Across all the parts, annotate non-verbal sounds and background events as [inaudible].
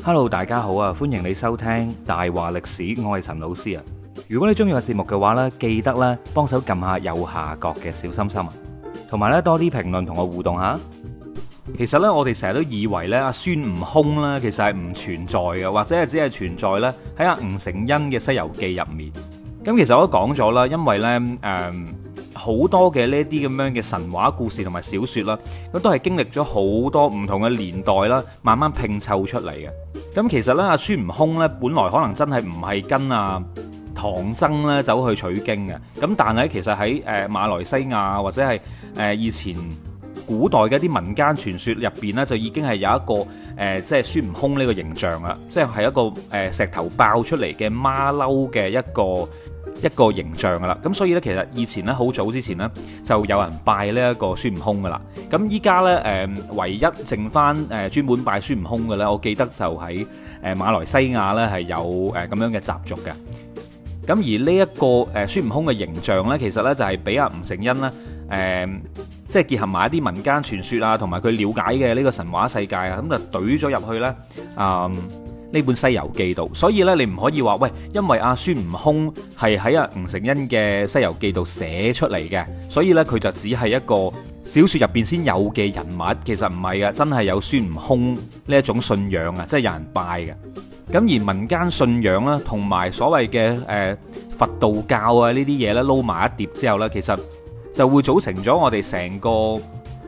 Hello，大家好啊！歡迎你收聽《大話歷史》，我係陳老師啊！如果你中意個節目嘅話呢，記得咧幫手撳下右下角嘅小心心啊，同埋呢多啲評論同我互動下。其實呢，我哋成日都以為呢阿孫悟空呢其實係唔存在嘅，或者係只係存在呢喺阿吳承恩嘅《西遊記》入面。咁、嗯、其實我都講咗啦，因為呢，誒、嗯。好多嘅呢啲咁樣嘅神話故事同埋小説啦，咁都係經歷咗好多唔同嘅年代啦，慢慢拼湊出嚟嘅。咁其實呢，阿孫悟空呢，本來可能真係唔係跟阿唐僧呢走去取經嘅。咁但係其實喺誒馬來西亞或者係誒以前古代嘅啲民間傳說入邊呢，就已經係有一個誒即係孫悟空呢個形象啦，即係一個誒石頭爆出嚟嘅馬騮嘅一個。一個形象噶啦，咁所以咧，其實以前咧，好早之前咧，就有人拜呢一個孫悟空噶啦。咁依家咧，誒，唯一剩翻誒專門拜孫悟空嘅咧，我記得就喺誒馬來西亞咧係有誒咁樣嘅習俗嘅。咁而呢一個誒孫悟空嘅形象咧，其實咧就係俾阿吳承恩咧，誒，即係結合埋一啲民間傳說啊，同埋佢了解嘅呢個神話世界啊，咁就懟咗入去咧，啊。呢本《西遊記》度、啊啊，所以呢，你唔可以話喂，因為阿孫悟空係喺阿吳承恩嘅《西遊記》度寫出嚟嘅，所以呢，佢就只係一個小說入邊先有嘅人物，其實唔係嘅，真係有孫悟空呢一種信仰啊，真係有人拜嘅。咁而民間信仰啦，同埋所謂嘅誒、呃、佛道教啊呢啲嘢呢，撈埋一碟之後呢，其實就會組成咗我哋成個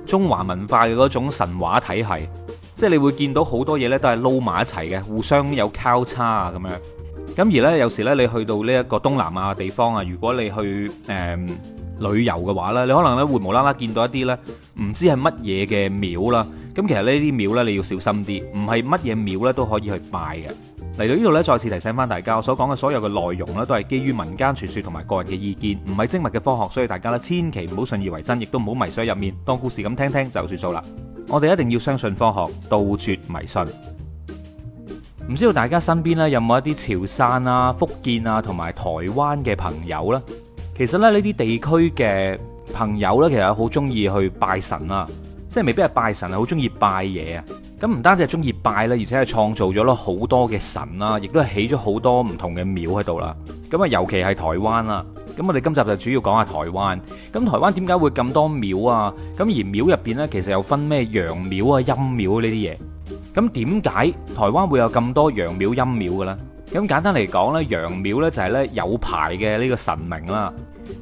中華文化嘅嗰種神話體系。即係你會見到好多嘢咧，都係撈埋一齊嘅，互相有交叉啊咁樣。咁而呢，有時呢，你去到呢一個東南亞地方啊，如果你去誒、呃、旅遊嘅話呢，你可能呢會無啦啦見到一啲呢唔知係乜嘢嘅廟啦。咁其實呢啲廟呢，你要小心啲，唔係乜嘢廟呢都可以去拜嘅。嚟到呢度呢，再次提醒返大家，我所講嘅所有嘅內容呢，都係基於民間傳說同埋個人嘅意見，唔係精密嘅科學，所以大家呢，千祈唔好信以為真，亦都唔好迷上入面，當故事咁聽聽就算數啦。我哋一定要相信科學，杜絕迷信。唔知道大家身邊咧有冇一啲潮汕啊、福建啊同埋台灣嘅朋友咧？其實咧，呢啲地區嘅朋友呢，其實好中意去拜神啊，即係未必係拜神，係好中意拜嘢啊。咁唔單止係中意拜咧，而且係創造咗好多嘅神啦、啊，亦都係起咗好多唔同嘅廟喺度啦。咁啊，尤其係台灣啦、啊。咁我哋今集就主要講下台灣。咁台灣點解會咁多廟啊？咁而廟入邊呢，其實又分咩陽廟啊、陰廟呢啲嘢。咁點解台灣會有咁多陽廟陰廟嘅呢？咁簡單嚟講呢，陽廟呢就係呢有牌嘅呢個神明啦。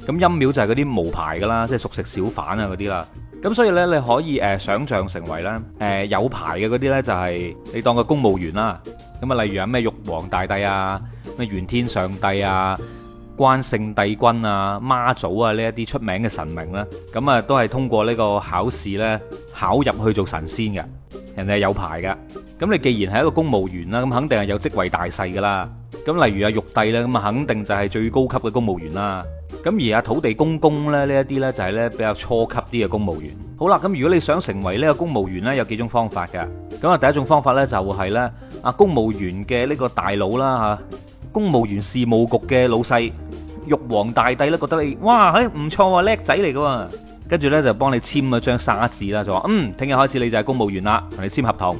咁陰廟就係嗰啲冇牌噶啦，即係熟食小販啊嗰啲啦。咁所以呢，你可以誒想象成為呢誒有牌嘅嗰啲呢，就係你當個公務員啦。咁啊，例如有咩玉皇大帝啊、咩玄天上帝啊。關聖帝君啊、媽祖啊呢一啲出名嘅神明啦，咁啊都係通過呢個考試呢考入去做神仙嘅，人哋係有牌噶。咁你既然係一個公務員啦，咁肯定係有職位大細噶啦。咁例如啊玉帝呢，咁啊肯定就係最高級嘅公務員啦。咁而啊土地公公咧呢一啲呢就係呢比較初級啲嘅公務員。好啦，咁如果你想成為呢個公務員呢，有幾種方法噶。咁啊第一種方法呢就係呢啊公務員嘅呢個大佬啦吓。公務員事務局嘅老細，玉皇大帝咧覺得你，哇，嘿唔錯喎，叻仔嚟㗎，跟住咧就幫你簽咗張沙紙啦，就話嗯，聽日開始你就係公務員啦，同你簽合同。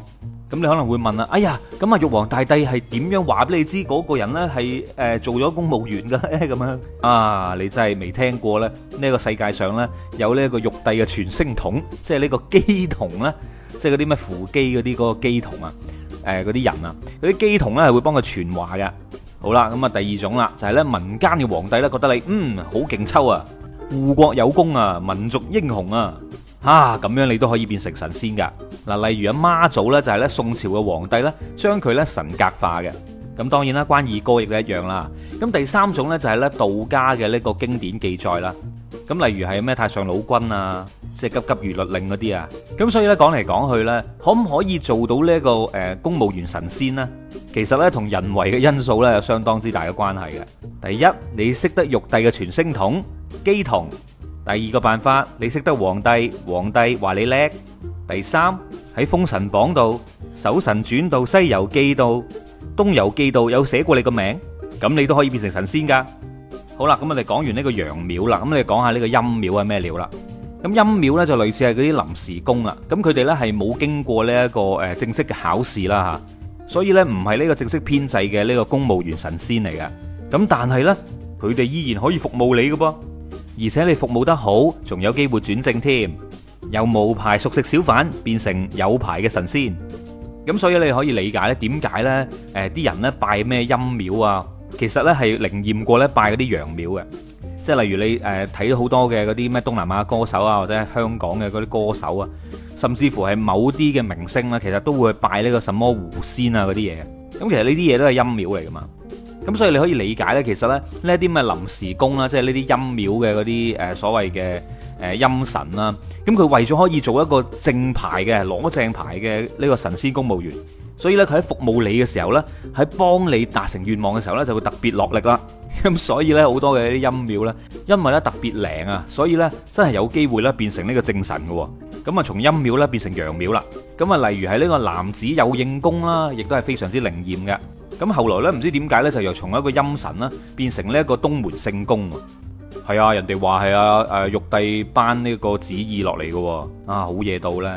咁你可能會問啦，哎呀，咁啊玉皇大帝係點樣話俾你知嗰、嗰個人咧係誒做咗公務員㗎咁樣？ [laughs] 啊，你真係未聽過咧？呢、呢個世界上咧有呢一個玉帝嘅傳聲筒，即係呢個乩童咧，即係嗰啲咩扶乩嗰啲嗰個乩童啊，誒嗰啲人啊，嗰啲乩童咧係會幫佢傳話㗎。好啦，咁啊，第二種啦，就係、是、咧民間嘅皇帝咧，覺得你嗯好勁抽啊，護國有功啊，民族英雄啊，嚇、啊、咁樣你都可以變成神仙噶嗱，例如阿媽祖咧，就係咧宋朝嘅皇帝咧，將佢咧神格化嘅，咁當然啦，關二哥亦都一樣啦，咁第三種咧就係咧道家嘅呢個經典記載啦，咁例如係咩太上老君啊。即係急急如律令嗰啲啊，咁所以呢講嚟講去呢，可唔可以做到呢個誒公務員神仙呢？其實呢同人為嘅因素呢有相當之大嘅關係嘅。第一，你識得玉帝嘅傳聲筒乩童；第二個辦法，你識得皇帝，皇帝話你叻。第三，喺封神榜度、搜神傳度、西遊記度、東遊記度有寫過你個名，咁你都可以變成神仙噶。好啦，咁我哋講完呢個陽廟啦，咁我哋講下呢個陰廟係咩料啦。咁陰廟咧就類似係嗰啲臨時工啊，咁佢哋咧係冇經過呢一個誒正式嘅考試啦吓，所以咧唔係呢個正式編制嘅呢個公務員神仙嚟嘅。咁但係咧，佢哋依然可以服務你嘅噃，而且你服務得好，仲有機會轉正添，由無牌熟食小販變成有牌嘅神仙。咁所以你可以理解咧，點解咧誒啲人咧拜咩陰廟啊？其實咧係靈驗過咧拜嗰啲陽廟嘅。即係例如你誒睇到好多嘅嗰啲咩東南亞歌手啊，或者香港嘅嗰啲歌手啊，甚至乎係某啲嘅明星咧，其實都會去拜呢個什麼狐仙啊嗰啲嘢。咁其實呢啲嘢都係陰廟嚟㗎嘛。咁所以你可以理解咧，其實咧呢啲咩臨時工啦，即係呢啲陰廟嘅嗰啲誒所謂嘅誒陰神啦。咁佢為咗可以做一個正牌嘅攞正牌嘅呢個神仙公務員，所以咧佢喺服務你嘅時候咧，喺幫你達成願望嘅時候咧，就會特別落力啦。咁所以咧，好多嘅啲陰廟咧，因為咧特別靈啊，所以咧真係有機會咧變成呢個正神嘅。咁啊，從陰廟咧變成陽廟啦。咁啊，例如係呢個男子有應公啦，亦都係非常之靈驗嘅。咁後來咧，唔知點解咧，就又從一個陰神啦，變成呢一個東門聖公。係啊，人哋話係啊，誒玉帝頒呢個旨意落嚟嘅，啊好嘢，到咧，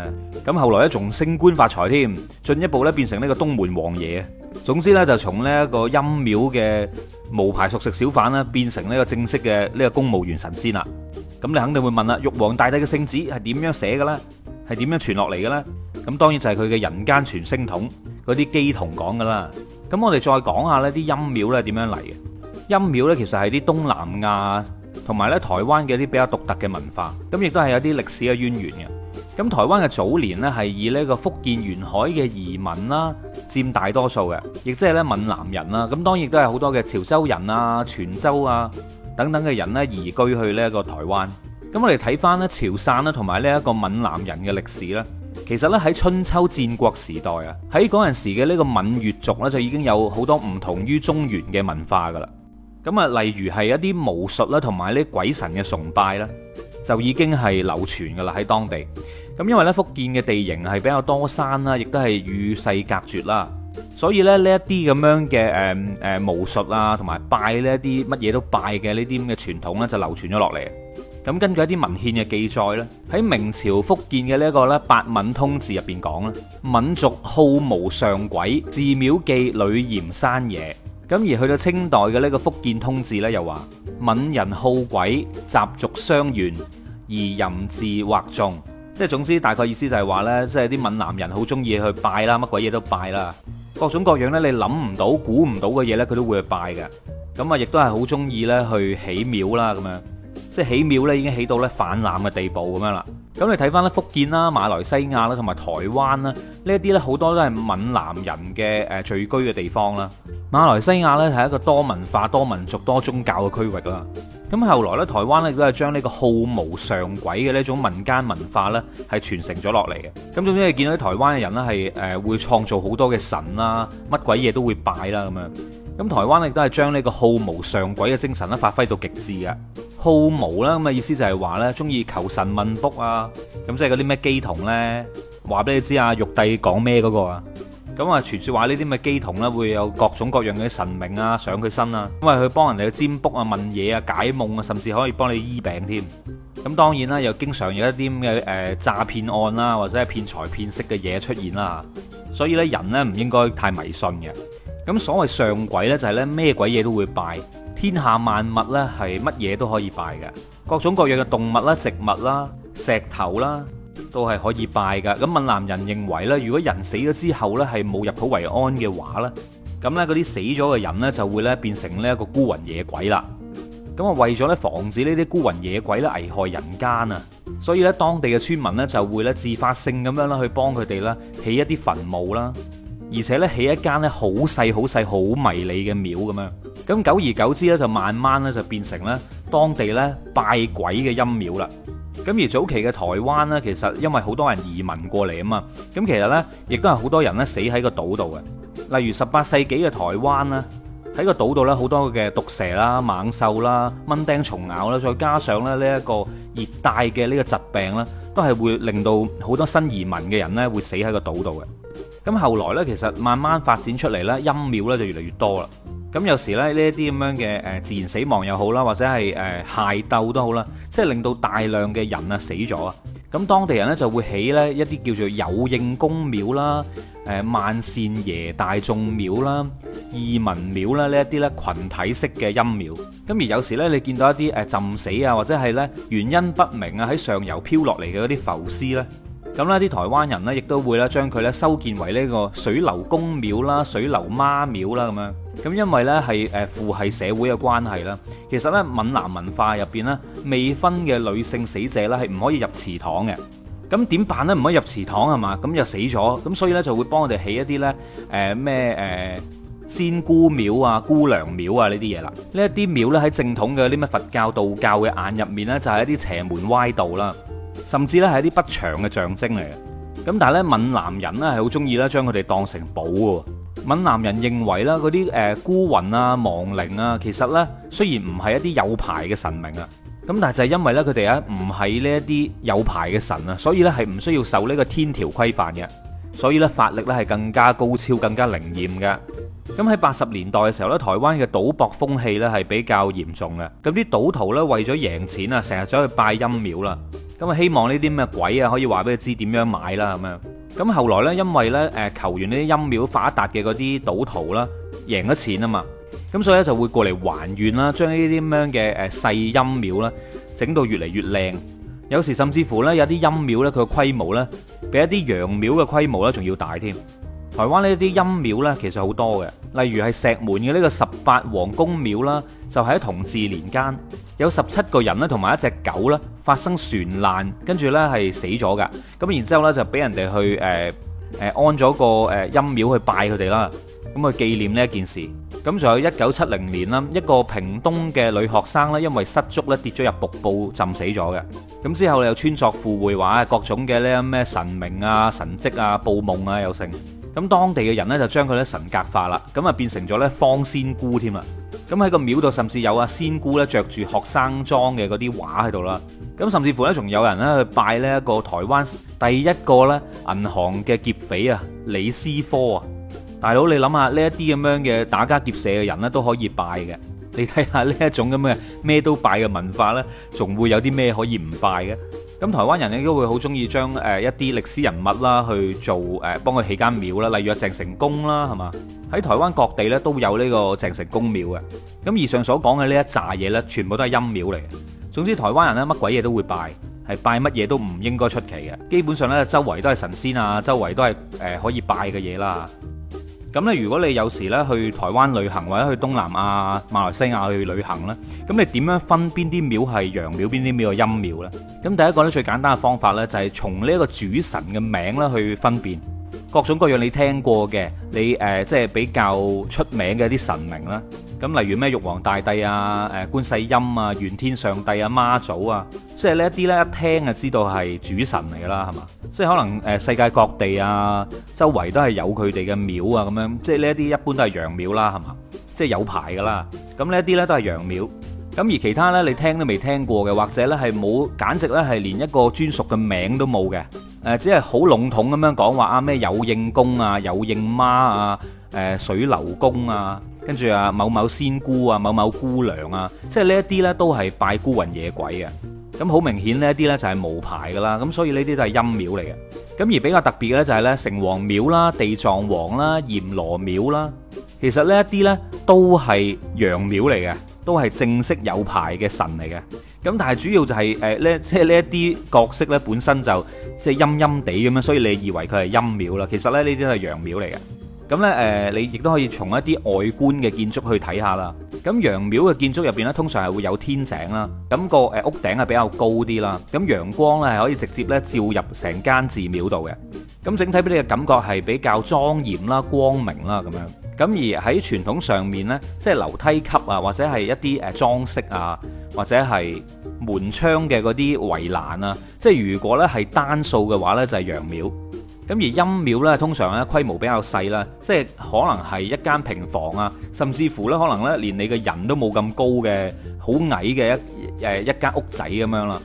咁後來咧仲升官發財添，進一步咧變成呢個東門王爺。總之咧就從呢一個陰廟嘅無牌熟食小販咧，變成呢個正式嘅呢個公務員神仙啦。咁你肯定會問啦，玉皇大帝嘅聖旨係點樣寫嘅咧？係點樣傳落嚟嘅咧？咁當然就係佢嘅人間傳聲筒，嗰啲乩童講噶啦。咁我哋再講下咧，啲陰廟咧點樣嚟嘅？陰廟咧其實係啲東南亞。同埋咧，台灣嘅啲比較獨特嘅文化，咁亦都係有啲歷史嘅淵源嘅。咁台灣嘅早年呢，係以呢一個福建沿海嘅移民啦，佔大多數嘅，亦即係咧閩南人啦。咁當然亦都係好多嘅潮州人啊、泉州啊等等嘅人呢移居去呢一個台灣。咁我哋睇翻呢，潮汕呢，同埋呢一個閩南人嘅歷史呢，其實呢，喺春秋戰國時代啊，喺嗰陣時嘅呢個閩越族呢，就已經有好多唔同於中原嘅文化噶啦。咁啊，例如係一啲巫術啦，同埋呢鬼神嘅崇拜啦，就已經係流傳噶啦喺當地。咁因為咧福建嘅地形係比較多山啦，亦都係與世隔絕啦，所以咧呢一啲咁樣嘅誒誒巫術啊，同埋拜呢一啲乜嘢都拜嘅呢啲咁嘅傳統咧，就流傳咗落嚟。咁根據一啲文獻嘅記載咧，喺明朝福建嘅呢一個咧《八閩通志》入邊講啦，民族好無上鬼，寺廟忌女嫌山野。咁而去到清代嘅呢個福建通志呢，又話閩人好鬼習俗相沿，而淫祀惑眾，即係總之大概意思就係話呢，即係啲閩南人好中意去拜啦，乜鬼嘢都拜啦，各種各樣呢，你諗唔到、估唔到嘅嘢呢，佢都會去拜嘅。咁啊，亦都係好中意呢去起廟啦，咁樣，即係起廟呢已經起到呢泛濫嘅地步咁樣啦。咁你睇翻咧福建啦、馬來西亞啦、同埋台灣啦，呢一啲咧好多都係閩南人嘅誒、呃、聚居嘅地方啦。馬來西亞呢係一個多文化、多民族、多宗教嘅區域啦。咁後來呢，台灣咧亦都係將呢個好無上軌嘅呢種民間文化呢係傳承咗落嚟嘅。咁總之你見到台灣嘅人呢係誒會創造好多嘅神啦，乜鬼嘢都會拜啦咁樣。咁台灣亦都係將呢個好無上軌嘅精神咧發揮到極致嘅。鋪毛啦，咁嘅意思就係話呢中意求神問卜啊，咁即係嗰啲咩乩童呢，話俾你知啊，玉帝講咩嗰個啊，咁啊傳説話呢啲咩乩童呢，會有各種各樣嘅神明啊上佢身啊，因為佢幫人哋去占卜啊、問嘢啊、解夢啊，甚至可以幫你醫病添、啊。咁、啊、當然啦、啊，又經常有一啲嘅誒詐騙案啦、啊，或者係騙財騙色嘅嘢出現啦、啊，所以呢，人呢唔應該太迷信嘅。咁所謂上鬼呢，就係咧咩鬼嘢都會拜，天下萬物呢，係乜嘢都可以拜嘅，各種各樣嘅動物啦、植物啦、石頭啦，都係可以拜嘅。咁閩南人認為呢，如果人死咗之後呢，係冇入土為安嘅話呢，咁呢嗰啲死咗嘅人呢，就會咧變成呢一個孤魂野鬼啦。咁啊，為咗咧防止呢啲孤魂野鬼咧危害人間啊，所以呢當地嘅村民呢，就會呢自發性咁樣啦去幫佢哋呢起一啲墳墓啦。而且咧起一間咧好細好細好迷你嘅廟咁樣，咁久而久之咧就慢慢咧就變成咧當地咧拜鬼嘅陰廟啦。咁而早期嘅台灣咧，其實因為好多人移民過嚟啊嘛，咁其實咧亦都係好多人咧死喺個島度嘅。例如十八世紀嘅台灣咧，喺個島度咧好多嘅毒蛇啦、猛獸啦、蚊叮蟲咬啦，再加上咧呢一個熱帶嘅呢個疾病咧，都係會令到好多新移民嘅人咧會死喺個島度嘅。咁後來呢，其實慢慢發展出嚟呢，陰廟呢就越嚟越多啦。咁有時咧，呢一啲咁樣嘅誒自然死亡又好啦，或者係誒械鬥都好啦，即係令到大量嘅人啊死咗啊。咁當地人呢，就會起呢一啲叫做有應公廟啦、誒萬善爺大眾廟啦、義民廟啦呢一啲呢群體式嘅陰廟。咁而有時呢，你見到一啲誒浸死啊，或者係呢原因不明啊喺上游漂落嚟嘅嗰啲浮屍呢。咁呢啲台灣人呢，亦都會咧，將佢呢修建為呢個水流公廟啦、水流媽廟啦咁樣。咁因為呢係誒父系社會嘅關係啦，其實呢，閩南文化入邊呢，未婚嘅女性死者呢，係唔可以入祠堂嘅。咁點辦呢？唔可以入祠堂係嘛？咁又死咗，咁所以呢，就會幫我哋起一啲呢誒咩誒仙姑廟啊、姑娘廟啊呢啲嘢啦。呢一啲廟呢，喺正統嘅呢咩佛教、道教嘅眼入面呢，就係一啲邪門歪道啦。甚至咧係一啲不祥嘅象徵嚟嘅，咁但係咧，閩南人咧係好中意咧將佢哋當成寶嘅。閩南人認為咧嗰啲誒孤魂啊、亡靈啊，其實咧雖然唔係一啲有牌嘅神明啊，咁但係就係因為咧佢哋啊唔係呢一啲有牌嘅神啊，所以咧係唔需要受呢個天條規範嘅，所以咧法力咧係更加高超、更加靈驗嘅。咁喺八十年代嘅時候咧，台灣嘅賭博風氣咧係比較嚴重嘅，咁啲賭徒咧為咗贏錢啊，成日走去拜陰廟啦。咁啊，希望呢啲咩鬼啊，可以話俾佢知點樣買啦，咁樣。咁後來咧，因為呢誒，球員呢啲陰廟發達嘅嗰啲賭徒啦，贏咗錢啊嘛，咁所以咧就會過嚟還願啦，將呢啲咁樣嘅誒細陰廟啦，整到越嚟越靚。有時甚至乎呢，有啲陰廟呢，佢個規模呢，比一啲陽廟嘅規模呢仲要大添。台灣呢啲陰廟咧，其實好多嘅，例如係石門嘅呢個十八王公廟啦，就喺同治年間有十七個人咧，同埋一隻狗呢發生船難，跟住呢係死咗嘅。咁然之後呢，就俾人哋去誒誒安咗個誒陰廟去拜佢哋啦，咁去紀念呢一件事。咁仲有一九七零年啦，一個屏東嘅女學生呢，因為失足呢跌咗入瀑布浸死咗嘅。咁之後又穿作附會話各種嘅呢啲咩神明啊神蹟啊報夢啊，有成、啊。咁當地嘅人咧就將佢咧神格化啦，咁啊變成咗咧方仙姑添啊，咁喺個廟度甚至有啊仙姑咧着住學生裝嘅嗰啲畫喺度啦。咁甚至乎咧仲有人咧去拜呢一個台灣第一個咧銀行嘅劫匪啊李師科啊，大佬你諗下呢一啲咁樣嘅打家劫舍嘅人咧都可以拜嘅。你睇下呢一種咁嘅咩都拜嘅文化咧，仲會有啲咩可以唔拜嘅？咁台灣人咧都會好中意將誒一啲歷史人物啦去做誒幫佢起間廟啦，例如阿鄭成功啦，係嘛？喺台灣各地咧都有呢個鄭成功廟嘅。咁以上所講嘅呢一紮嘢呢，全部都係陰廟嚟。總之台灣人咧乜鬼嘢都會拜，係拜乜嘢都唔應該出奇嘅。基本上呢，周圍都係神仙啊，周圍都係誒可以拜嘅嘢啦。咁咧，如果你有時咧去台灣旅行，或者去東南亞、馬來西亞去旅行咧，咁你點樣分邊啲廟係陽廟，邊啲廟係陰廟呢？咁第一個咧最簡單嘅方法咧，就係從呢個主神嘅名咧去分辨。各種各樣你聽過嘅，你誒、呃、即係比較出名嘅一啲神明啦。咁例如咩玉皇大帝啊、誒、呃、觀世音啊、玄天上帝啊、媽祖啊，即係呢一啲呢，一聽就知道係主神嚟噶啦，係嘛？即係可能誒、呃、世界各地啊，周圍都係有佢哋嘅廟啊，咁樣即係呢一啲一般都係洋廟啦，係嘛？即係有牌噶啦。咁呢一啲呢都係洋廟。咁而其他咧，你聽都未聽過嘅，或者咧係冇，簡直咧係連一個專屬嘅名都冇嘅。誒，只係好籠統咁樣講話啊，咩有應公啊、有應媽啊、誒水流公啊，跟住啊某某仙姑啊、某某姑娘啊，即係呢一啲咧都係拜孤魂野鬼嘅。咁好明顯，呢一啲咧就係無牌噶啦。咁所以呢啲都係陰廟嚟嘅。咁而比較特別嘅咧就係咧，城隍廟啦、地藏王啦、閻羅廟啦，其實呢一啲咧都係陽廟嚟嘅。都係正式有牌嘅神嚟嘅，咁但係主要就係誒咧，即係呢一啲角色咧本身就即係陰陰地咁樣，所以你以為佢係陰廟啦。其實咧呢啲都係陽廟嚟嘅。咁咧誒，你亦都可以從一啲外觀嘅建築去睇下啦。咁陽廟嘅建築入邊咧，通常係會有天井啦，咁個誒屋頂係比較高啲啦，咁陽光咧係可以直接咧照入成間寺廟度嘅。咁整體俾你嘅感覺係比較莊嚴啦、光明啦咁樣。咁而喺傳統上面呢，即係樓梯級啊，或者係一啲誒裝飾啊，或者係門窗嘅嗰啲圍欄啊，即係如果呢係單數嘅話呢，就係陽廟；咁而陰廟呢，通常呢規模比較細啦，即係可能係一間平房啊，甚至乎呢可能呢連你嘅人都冇咁高嘅，好矮嘅一誒一間屋仔咁樣啦。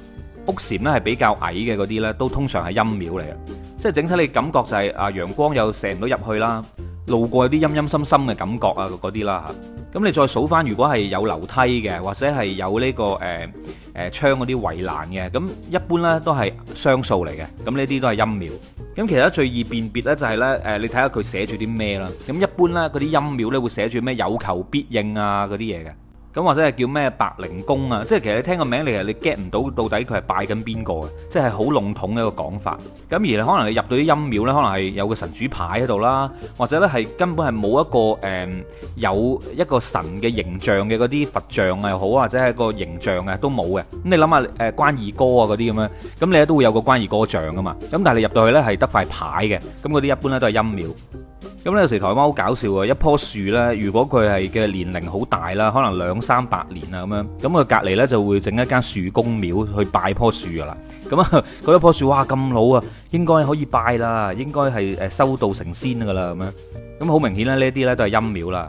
屋檐呢係比較矮嘅嗰啲呢，都通常係陰廟嚟嘅，即係整體你感覺就係啊陽光又射唔到入去啦。路過啲陰陰森森嘅感覺啊，嗰啲啦嚇，咁你再數返，如果係有樓梯嘅，或者係有呢、這個誒誒、呃呃、窗嗰啲圍欄嘅，咁一般呢都係雙數嚟嘅，咁呢啲都係陰廟。咁其實最易辨別呢就係、是、呢，誒你睇下佢寫住啲咩啦。咁一般呢，嗰啲陰廟呢會寫住咩有求必應啊嗰啲嘢嘅。咁或者係叫咩白靈公啊？即係其實你聽個名，你係你 get 唔到到底佢係拜緊邊個嘅，即係好籠統一個講法。咁而可能你入到啲陰廟呢，可能係有個神主牌喺度啦，或者呢係根本係冇一個誒、呃、有一個神嘅形象嘅嗰啲佛像啊又好，或者係個形象啊都冇嘅。咁你諗下誒關二哥啊嗰啲咁樣，咁你都會有個關二哥像噶嘛。咁但係你入到去呢，係得塊牌嘅，咁嗰啲一般咧都係陰廟。咁有時台灣好搞笑啊！一棵樹呢，如果佢係嘅年齡好大啦，可能兩三百年啊，咁樣，咁佢隔籬呢，就會整一間樹公廟去拜棵樹噶啦。咁啊，嗰一棵樹哇咁老啊，應該可以拜啦，應該係誒修道成仙噶啦咁樣。咁好明顯咧，呢啲呢都係陰廟啦。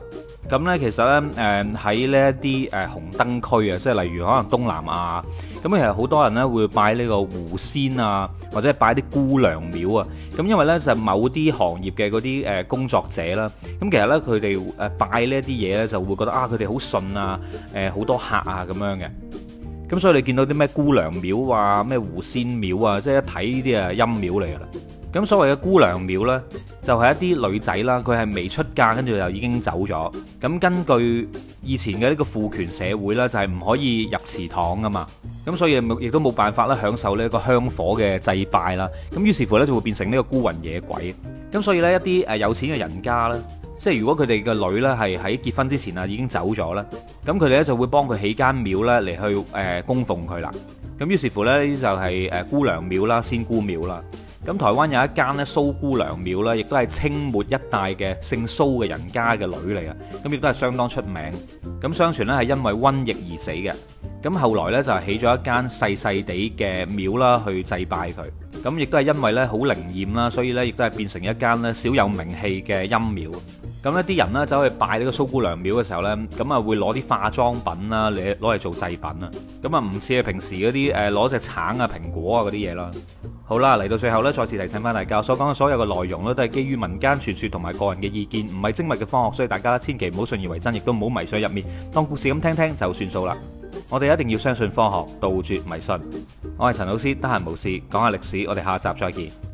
咁咧，其實咧，誒喺呢一啲誒紅燈區啊，即係例如可能東南亞，咁其實好多人咧會拜呢個狐仙啊，或者拜啲姑娘廟啊。咁因為咧就某啲行業嘅嗰啲誒工作者啦，咁其實咧佢哋誒拜呢一啲嘢咧就會覺得啊，佢哋好信啊，誒好多客啊咁樣嘅。咁所以你見到啲咩姑娘廟啊，咩狐仙廟啊，即係一睇呢啲啊陰廟嚟嘅啦。咁所謂嘅姑娘廟呢，就係一啲女仔啦，佢係未出嫁跟住就已經走咗。咁根據以前嘅呢個父權社會呢，就係唔可以入祠堂噶嘛。咁所以亦都冇辦法啦，享受呢個香火嘅祭拜啦。咁於是乎呢，就會變成呢個孤魂野鬼。咁所以呢，一啲誒有錢嘅人家呢，即係如果佢哋嘅女呢係喺結婚之前啊已經走咗咧，咁佢哋咧就會幫佢起間廟呢嚟去誒供奉佢啦。咁於是乎呢就係誒姑娘廟啦、仙姑廟啦。咁台灣有一間咧蘇姑娘廟咧，亦都係清末一代嘅姓蘇嘅人家嘅女嚟啊，咁亦都係相當出名。咁相傳咧係因為瘟疫而死嘅，咁後來咧就起咗一間細細地嘅廟啦去祭拜佢，咁亦都係因為咧好靈驗啦，所以咧亦都係變成一間咧小有名氣嘅陰廟。咁咧，啲人呢，走去拜呢個蘇姑娘廟嘅時候呢，咁啊會攞啲化妝品啦、啊，嚟攞嚟做祭品啊。咁啊唔似係平時嗰啲誒攞隻橙啊、蘋果啊嗰啲嘢啦。好啦，嚟到最後呢，再次提醒翻大家，所講嘅所有嘅內容呢，都係基於民間傳説同埋個人嘅意見，唔係精密嘅科學，所以大家千祈唔好信以為真，亦都唔好迷信入面，當故事咁聽聽就算數啦。我哋一定要相信科學，杜絕迷信。我係陳老師，得閒無事講下歷史，我哋下集再見。